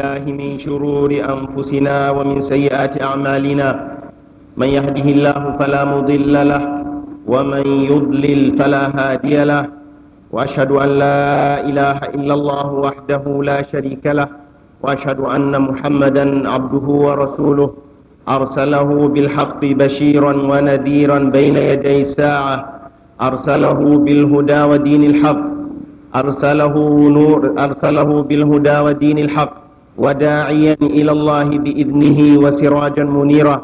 بالله من شرور أنفسنا ومن سيئات أعمالنا من يهده الله فلا مضل له ومن يضلل فلا هادي له وأشهد أن لا إله إلا الله وحده لا شريك له وأشهد أن محمدا عبده ورسوله أرسله بالحق بشيرا ونذيرا بين يدي الساعة أرسله بالهدى ودين الحق أرسله نور أرسله بالهدى ودين الحق وداعيا إلى الله بإذنه وسراجا منيرا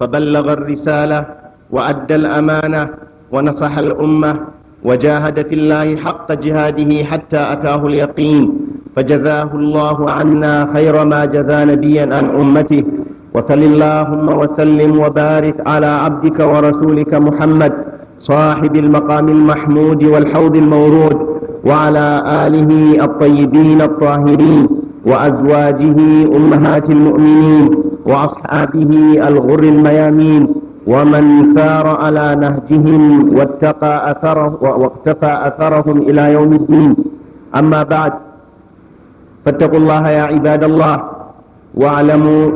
فبلغ الرسالة وأدى الأمانة ونصح الأمة وجاهد في الله حق جهاده حتى أتاه اليقين فجزاه الله عنا خير ما جزى نبيا عن أمته وصل اللهم وسلم وبارك على عبدك ورسولك محمد صاحب المقام المحمود والحوض المورود وعلى آله الطيبين الطاهرين وأزواجه أمهات المؤمنين وأصحابه الغر الميامين ومن سار على نهجهم واتقى أثره واقتفى أثرهم إلى يوم الدين أما بعد فاتقوا الله يا عباد الله واعلموا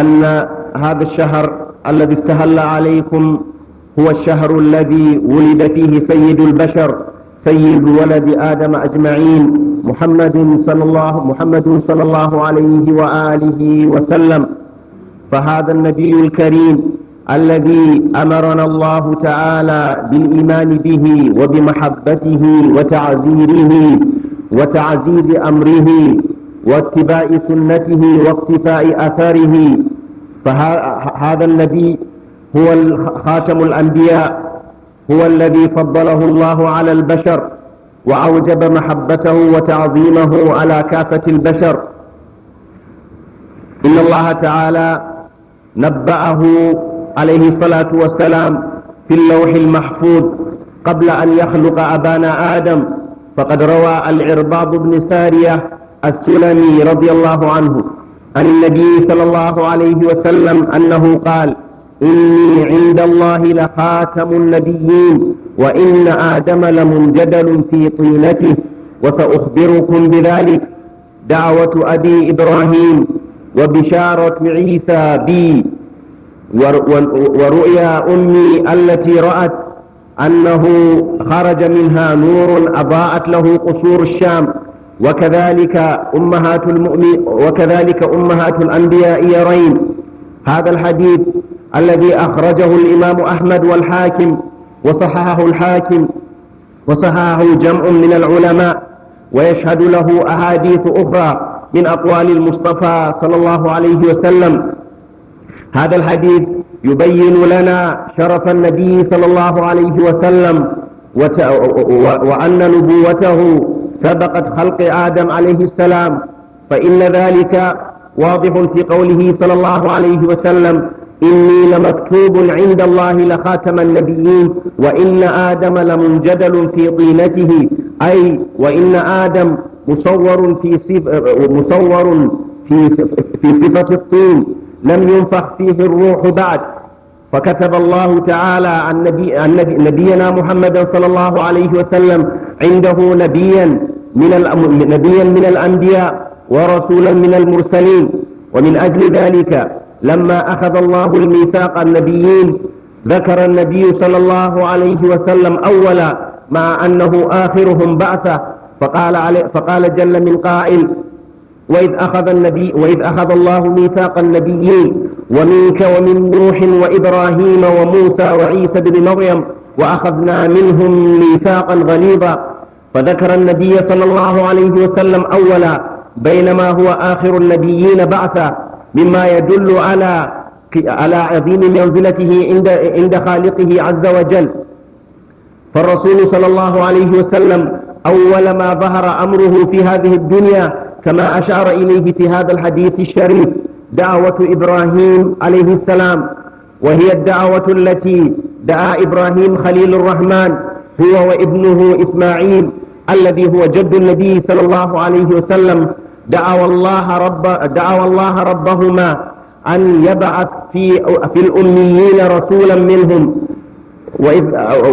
أن هذا الشهر الذي استهل عليكم هو الشهر الذي ولد فيه سيد البشر سيد ولد آدم أجمعين محمد صلى الله محمد صلى الله عليه وآله وسلم فهذا النبي الكريم الذي أمرنا الله تعالى بالإيمان به وبمحبته وتعزيره وتعزيز أمره واتباع سنته واقتفاء أثره فهذا النبي هو خاتم الأنبياء هو الذي فضله الله على البشر وأوجب محبته وتعظيمه على كافة البشر إن الله تعالى نبأه عليه الصلاة والسلام في اللوح المحفوظ قبل أن يخلق أبانا آدم فقد روى العرباض بن سارية السلمي رضي الله عنه عن النبي صلى الله عليه وسلم أنه قال إني عند الله لخاتم النبيين وإن آدم لمنجدل في طينته وسأخبركم بذلك دعوة أبي إبراهيم وبشارة عيسى بي ورؤيا أمي التي رأت أنه خرج منها نور أضاءت له قصور الشام وكذلك أمهات المؤمن وكذلك أمهات الأنبياء يرين هذا الحديث الذي أخرجه الإمام أحمد والحاكم وصححه الحاكم وصححه جمع من العلماء ويشهد له أحاديث أخرى من أقوال المصطفى صلى الله عليه وسلم هذا الحديث يبين لنا شرف النبي صلى الله عليه وسلم وأن نبوته سبقت خلق آدم عليه السلام فإن ذلك واضح في قوله صلى الله عليه وسلم إني لمكتوب عند الله لخاتم النبيين وإن آدم لمنجدل في طينته أي وإن آدم مصور في صف مصور في صف في صفة الطين لم ينفخ فيه الروح بعد فكتب الله تعالى عن نبي النبي نبينا محمدا صلى الله عليه وسلم عنده نبيا من نبيا من الأنبياء ورسولا من المرسلين ومن أجل ذلك لما أخذ الله الميثاق النبيين ذكر النبي صلى الله عليه وسلم أولا مع أنه آخرهم بعثة فقال, علي فقال جل من قائل وإذ أخذ, النبي وإذ أخذ الله ميثاق النبيين ومنك ومن نوح وإبراهيم وموسى وعيسى بن مريم وأخذنا منهم ميثاقا غليظا فذكر النبي صلى الله عليه وسلم أولا بينما هو آخر النبيين بعثا مما يدل على على عظيم منزلته عند عند خالقه عز وجل فالرسول صلى الله عليه وسلم أول ما ظهر أمره في هذه الدنيا كما أشار إليه في هذا الحديث الشريف دعوة إبراهيم عليه السلام وهي الدعوة التي دعا إبراهيم خليل الرحمن هو وابنه إسماعيل الذي هو جد النبي صلى الله عليه وسلم دعوا الله رب دعوا الله ربهما أن يبعث في في الأميين رسولا منهم وإذ,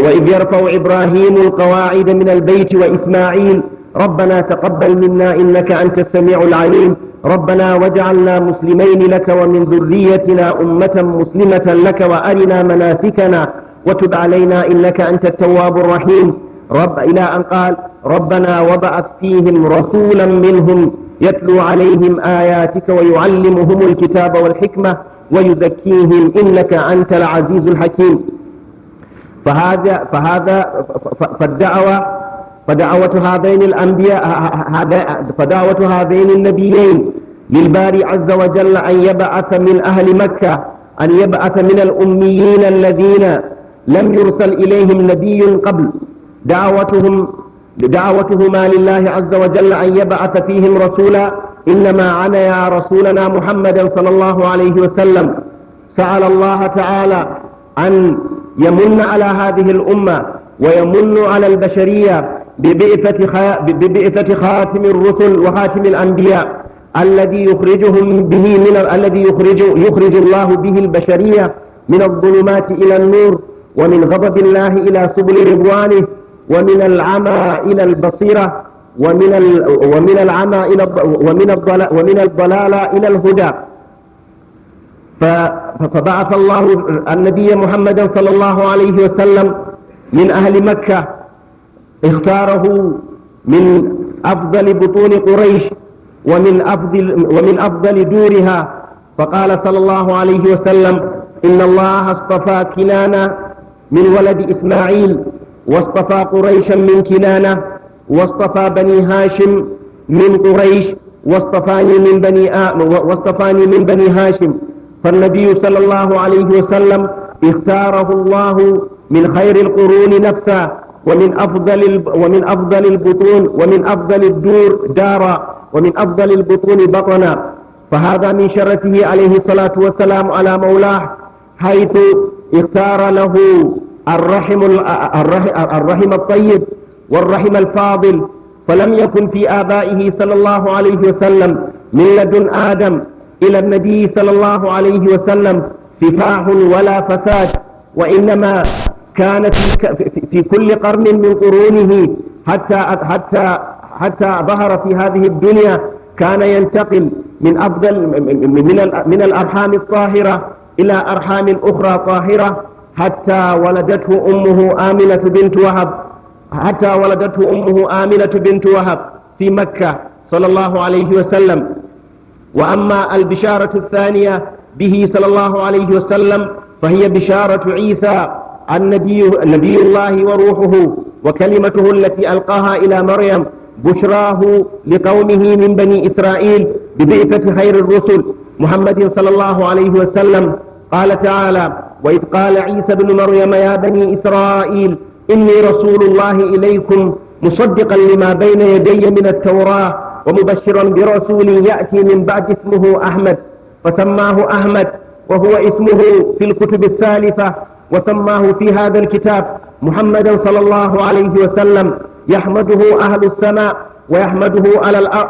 وإذ يرفع إبراهيم القواعد من البيت وإسماعيل ربنا تقبل منا إنك أنت السميع العليم ربنا واجعلنا مسلمين لك ومن ذريتنا أمة مسلمة لك وأرنا مناسكنا وتب علينا إنك أنت التواب الرحيم رب إلى أن قال ربنا وبعث فيهم رسولا منهم يتلو عليهم آياتك ويعلمهم الكتاب والحكمة ويزكيهم إنك أنت العزيز الحكيم فهذا فهذا فالدعوة فدعوة هذين الأنبياء فدعوة هذين النبيين للباري عز وجل أن يبعث من أهل مكة أن يبعث من الأميين الذين لم يرسل إليهم نبي قبل دعوتهم لدعوتهما لله عز وجل أن يبعث فيهم رسولا إنما عنا يا رسولنا محمدا صلى الله عليه وسلم سأل الله تعالى أن يمن على هذه الأمة ويمن على البشرية ببعثة خاتم الرسل وخاتم الأنبياء الذي يخرجهم به من الذي يخرج يخرج الله به البشرية من الظلمات إلى النور ومن غضب الله إلى سبل رضوانه ومن العمى إلى البصيرة ومن ال... ومن العمى إلى ومن الضلال ومن الضلالة إلى الهدى ف... فبعث الله النبي محمدا صلى الله عليه وسلم من أهل مكة اختاره من أفضل بطون قريش ومن أفضل, ومن أفضل دورها فقال صلى الله عليه وسلم إن الله اصطفى كنانة من ولد إسماعيل واصطفى قريشا من كنانة واصطفى بني هاشم من قريش واصطفاني من بني آ... واصطفاني من بني هاشم فالنبي صلى الله عليه وسلم اختاره الله من خير القرون نفسا ومن أفضل ومن أفضل البطون ومن أفضل الدور دارا ومن أفضل البطون بطنا فهذا من شرفه عليه الصلاة والسلام على مولاه حيث اختار له الرحم, الرحم الطيب والرحم الفاضل فلم يكن في آبائه صلى الله عليه وسلم من لدن آدم إلى النبي صلى الله عليه وسلم سفاح ولا فساد وإنما كان في, في كل قرن من قرونه حتى, حتى, حتى ظهر في هذه الدنيا كان ينتقل من أفضل من, من الأرحام الطاهرة إلى أرحام أخرى طاهرة حتى ولدته أمه آمنة بنت وهب حتى ولدته أمه آمنة بنت وهب في مكة صلى الله عليه وسلم وأما البشارة الثانية به صلى الله عليه وسلم فهي بشارة عيسى النبي, نبي الله وروحه وكلمته التي ألقاها إلى مريم بشراه لقومه من بني إسرائيل ببعثة خير الرسل محمد صلى الله عليه وسلم قال تعالى وإذ قال عيسى بن مريم يا بني إسرائيل إني رسول الله إليكم مصدقا لما بين يدي من التوراة ومبشرا برسول يأتي من بعد اسمه أحمد فسماه أحمد وهو اسمه في الكتب السالفة وسماه في هذا الكتاب محمدا صلى الله عليه وسلم يحمده أهل السماء ويحمده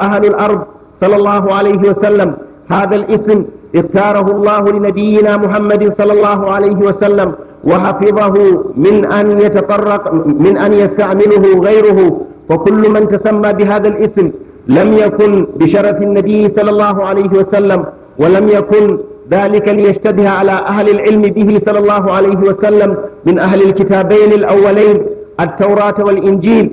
أهل الأرض صلى الله عليه وسلم هذا الاسم اختاره الله لنبينا محمد صلى الله عليه وسلم وحفظه من أن يتطرق من أن يستعمله غيره فكل من تسمى بهذا الاسم لم يكن بشرف النبي صلى الله عليه وسلم ولم يكن ذلك ليشتبه على أهل العلم به صلى الله عليه وسلم من أهل الكتابين الأولين التوراة والإنجيل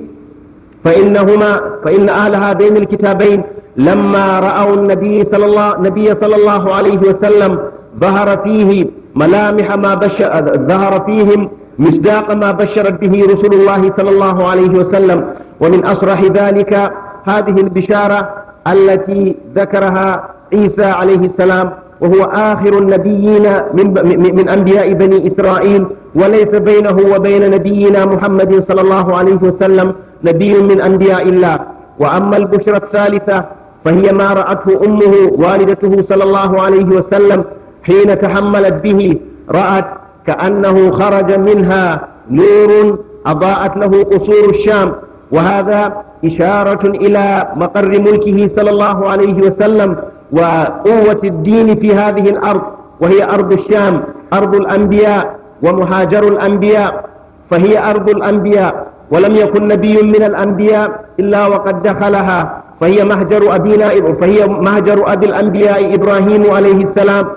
فإنهما فإن أهل هذين الكتابين لما رأوا النبي صلى الله, النبي صلى الله عليه وسلم ظهر فيه ملامح ما بشر ظهر فيهم مصداق ما بشرت به رسول الله صلى الله عليه وسلم ومن أصرح ذلك هذه البشارة التي ذكرها عيسى عليه السلام وهو آخر النبيين من, من أنبياء بني إسرائيل وليس بينه وبين نبينا محمد صلى الله عليه وسلم نبي من أنبياء الله وأما البشرى الثالثة فهي ما رأته أمه والدته صلى الله عليه وسلم حين تحملت به رأت كأنه خرج منها نور أضاءت له قصور الشام وهذا إشارة إلى مقر ملكه صلى الله عليه وسلم وقوة الدين في هذه الأرض وهي أرض الشام أرض الأنبياء ومهاجر الأنبياء فهي أرض الأنبياء ولم يكن نبي من الأنبياء إلا وقد دخلها فهي مهجر أبينا فهي مهجر أبي الأنبياء إبراهيم عليه السلام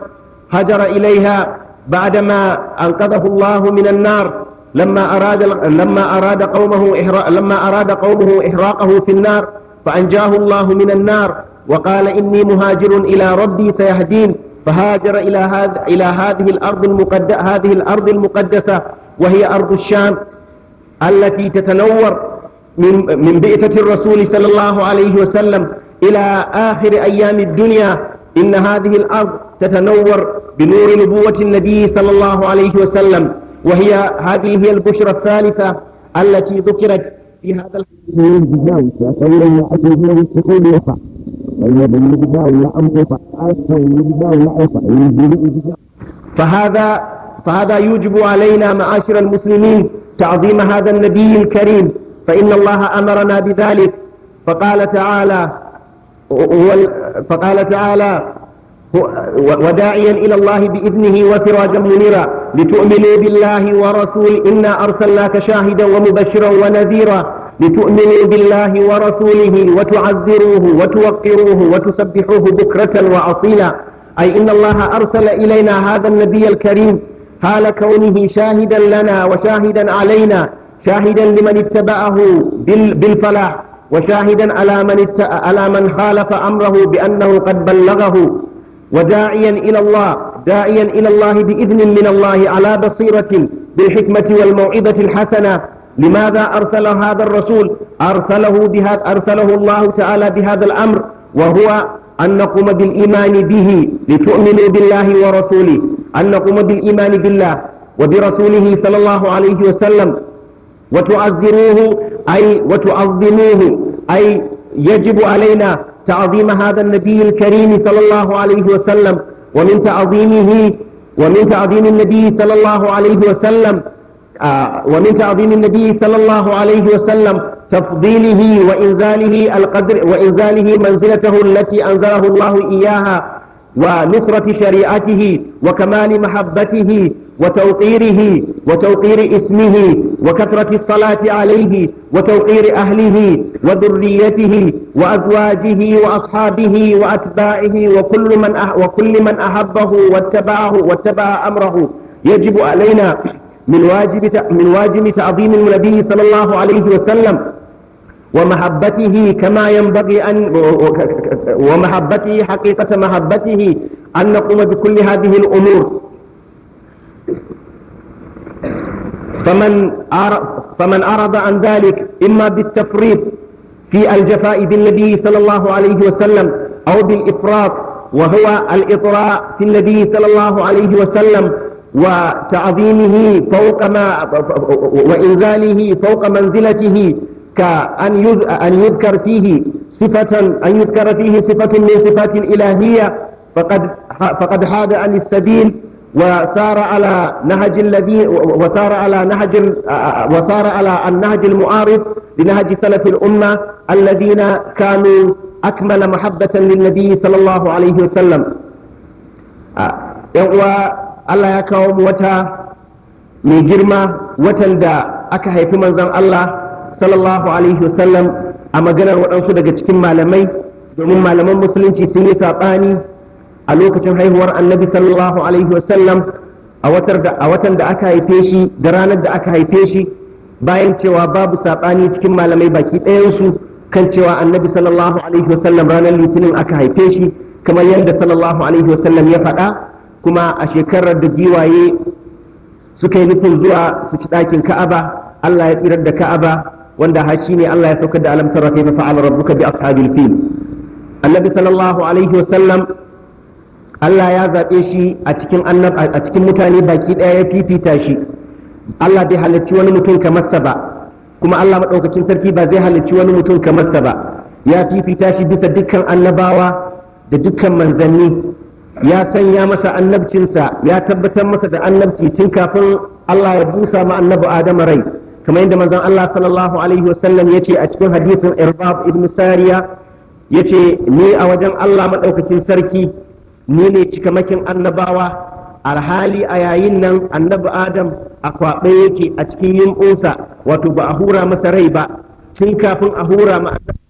هجر إليها بعدما أنقذه الله من النار لما أراد لما أراد قومه إحراق لما أراد قومه إحراقه في النار فأنجاه الله من النار وقال إني مهاجر إلى ربي سيهدين فهاجر إلى هذا إلى هذه الأرض المقدسة هذه الأرض المقدسة وهي أرض الشام التي تتنور من من بئتة الرسول صلى الله عليه وسلم إلى آخر أيام الدنيا إن هذه الأرض تتنور بنور نبوة النبي صلى الله عليه وسلم وهي هذه هي البشرى الثالثة التي ذكرت في هذا الحديث فهذا فهذا يوجب علينا معاشر المسلمين تعظيم هذا النبي الكريم فإن الله أمرنا بذلك فقال تعالى فقال تعالى وداعيا إلى الله بإذنه وسراجا منيرا لتؤمنوا بالله ورسول إنا أرسلناك شاهدا ومبشرا ونذيرا لتؤمنوا بالله ورسوله وتعزروه وتوقروه وتسبحوه بكرة وأصيلا أي إن الله أرسل إلينا هذا النبي الكريم حال كونه شاهدا لنا وشاهدا علينا شاهدا لمن اتبعه بالفلاح وشاهدا على من على من خالف امره بانه قد بلغه وداعيا الى الله داعيا الى الله باذن من الله على بصيره بالحكمه والموعظه الحسنه لماذا ارسل هذا الرسول ارسله بهذا ارسله الله تعالى بهذا الامر وهو أن نقوم بالإيمان به لتؤمنوا بالله ورسوله أن نقوم بالإيمان بالله وبرسوله صلى الله عليه وسلم وتعظموه أي وتعظموه أي يجب علينا تعظيم هذا النبي الكريم صلى الله عليه وسلم ومن تعظيمه ومن تعظيم النبي صلى الله عليه وسلم آه، ومن تعظيم النبي صلى الله عليه وسلم تفضيله وإنزاله القدر وإنزاله منزلته التي أنزله الله إياها ونصرة شريعته وكمال محبته وتوقيره وتوقير اسمه وكثرة الصلاة عليه وتوقير أهله وذريته وأزواجه وأصحابه وأتباعه وكل من وكل من أحبه واتبعه واتبع أمره يجب علينا من واجب من واجب تعظيم النبي صلى الله عليه وسلم ومحبته كما ينبغي أن ومحبته حقيقة محبته أن نقوم بكل هذه الأمور فمن فمن أعرض عن ذلك إما بالتفريط في الجفاء بالنبي صلى الله عليه وسلم أو بالإفراط وهو الإطراء في النبي صلى الله عليه وسلم وتعظيمه فوق ما وإنزاله فوق منزلته كأن أن يذكر فيه صفة أن يذكر فيه صفة من صفات الإلهية فقد فقد حاد عن السبيل وسار على نهج الذي وسار على نهج وسار على النهج المعارض لنهج سلف الأمة الذين كانوا أكمل محبة للنبي صلى الله عليه وسلم آه، يقوى الله ya وتا mu جرمة mai girma watan da aka sallallahu alaihi wasallam a maganar waɗansu daga cikin malamai domin malaman musulunci sun yi saɓani a lokacin haihuwar annabi sallallahu alaihi wasallam a watan da aka haife shi da ranar da aka haife shi bayan cewa babu saɓani cikin malamai baki ɗayansu kan cewa annabi sallallahu alaihi wasallam ranar litinin aka haife shi kamar yadda sallallahu alaihi wasallam ya faɗa kuma a shekarar da giwaye suka yi nufin zuwa su ci ɗakin ka'aba allah ya tsirar da ka'aba wanda ha ne Allah ya saukar da alam tara kaifa fa'ala rabbuka bi ashabil fil annabi sallallahu alaihi wasallam Allah ya zaɓe shi a cikin annab a cikin mutane baki ɗaya ya fifita shi Allah bai halarci wani mutum kamar sa ba kuma Allah madaukakin sarki ba zai halarci wani mutum kamar sa ba ya fifita shi bisa dukkan annabawa da dukkan manzanni ya sanya masa annabcinsa ya tabbatar masa da annabci tun kafin Allah ya busa ma annabi Adam rai kamar yadda manzon Allah sallallahu alaihi wasallam yace a cikin hadisin Irbab ibn Sariya yace ni a wajen Allah madaukakin sarki ne ne cikamakin annabawa alhali a yayin nan annabi Adam a kwaɓe yake a cikin yimbunsa wato ba a hura masa rai ba tun kafin a hura ma